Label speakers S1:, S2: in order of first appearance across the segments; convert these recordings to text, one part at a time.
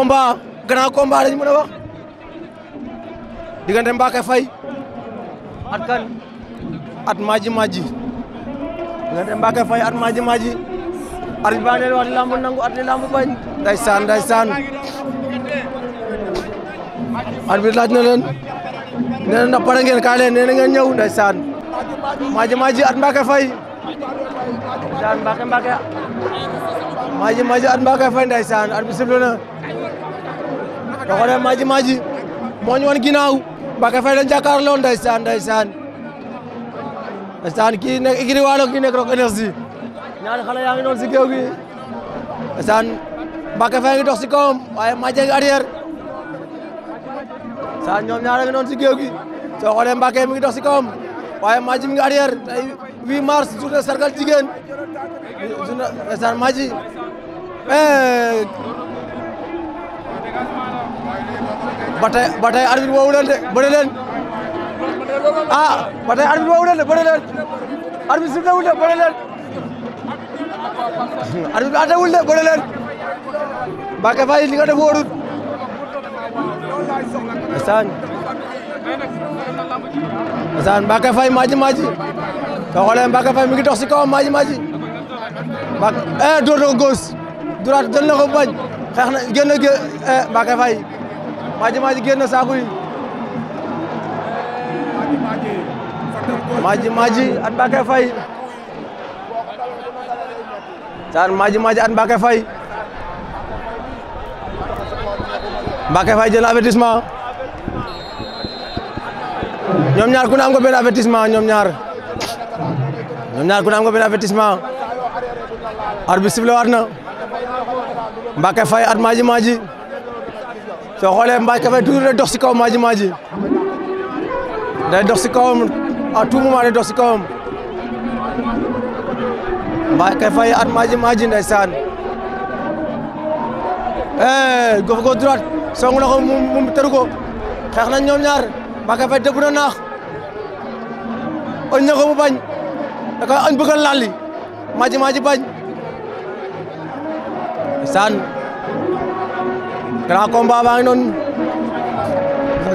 S1: combat grand combat lañ mën a wax diggante Mbacké Faye at kan at Madji Madji diggante Mbacké Faye at Madji Madji ar bi baa wax li lamb bi laaj na leen nee na ndax pare ngeen kaa leen nee na ngeen ñëw ndeysaan Madji Madji at Mbacké Faye ndeysaan Mbacké Mbacké Madji Madji at Mbacké Faye ndeysaan ar bi siflu na da ko def maji maji moo ñu woon ginnaaw Mbacké Faye lañ jàkkaarloo ndeysaan ndeysaan ndeysaan kii nekk igri waalo kii nekk Rock Énergie ñaari xale yaa ngi noonu si géew gi ndeysaan Mbacké Faye ngi dox si kawam waaye maji ngi arrière ndeysaan ñoom ñaar a ngi noonu si géew gi soo xoolee Mbacké ngi dox si kawam waaye maji mi ngi arrière tey 8 mars journée sargal jigéen journée ndeysaan maji eh ba tey ba tey arbitre woowu leen de bëri leen ah ba tey arbitre de bëri leen arbitre suuf newul de bëri leen arbitre de bëri leen Mbacké Faye li nga def wóorul asaan maaji maaji soo xoolee Mbacké Faye mi ngi dox si kawam maaji maaji Mbacké eh door na ko góos duraat jël ko bañ xeex na génn gé eh, Mbacké Faye Madji Madji génn na saako yi Madji Madji at Mbacké Faye saan Madji Madji at Mbacké Faye Mbacké Faye jël avertissement ñoom ñaar ku ne am nga benn avertissement ñoom ñaar ñoom ñaar ku am nga benn avertissement arbitre bi sifflé waat na Mbacké Faye at Madji Madji soo xoolee Mbathie Café toujours day dox si kaw Madji Madji day dox si kawam à tout moment day dox si kawam Mbathie Café at Madji Madji ndeysaan eh gof go droite songu ko mu mu tëru ko nañ ñoom ñaar Mbathie Café dëbb na naax oñ na mu bañ da koy oñ bëgg a lalli Madji bañ ndeysaan grand combat baa ngi noonu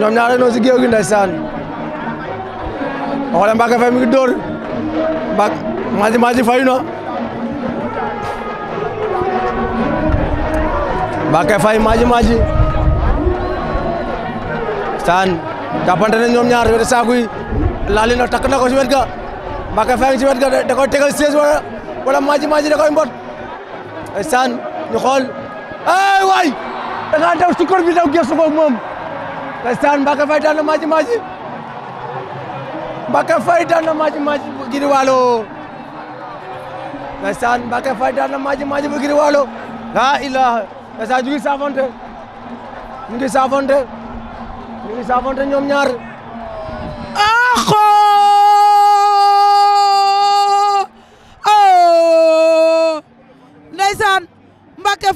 S1: ñoom ñaar rek noonu si géew gi ndeysaan waxale Mbacké Faye mi ngi dóor Mbacké Madji Madji fayu na Mbacké ne ñoom ñaar wet saaku yi laali na takk na ko si wet ga Mbacké Faye ngi si wet ga da koy tegal siège wala wala Madji da koy mbot saan ñu xool ay waay da ngaa daw bi daw gëstu ko moom ndeysaan Mbacke Faye na maaji maaji Mbacke Faye na maaji maaji bu giri waalo ndeysaan Mbacke na maaji maaji bu giri laa ilaaha ndeysaan ñu ngi saafonte ñu ngi saafonte ñoom ñaar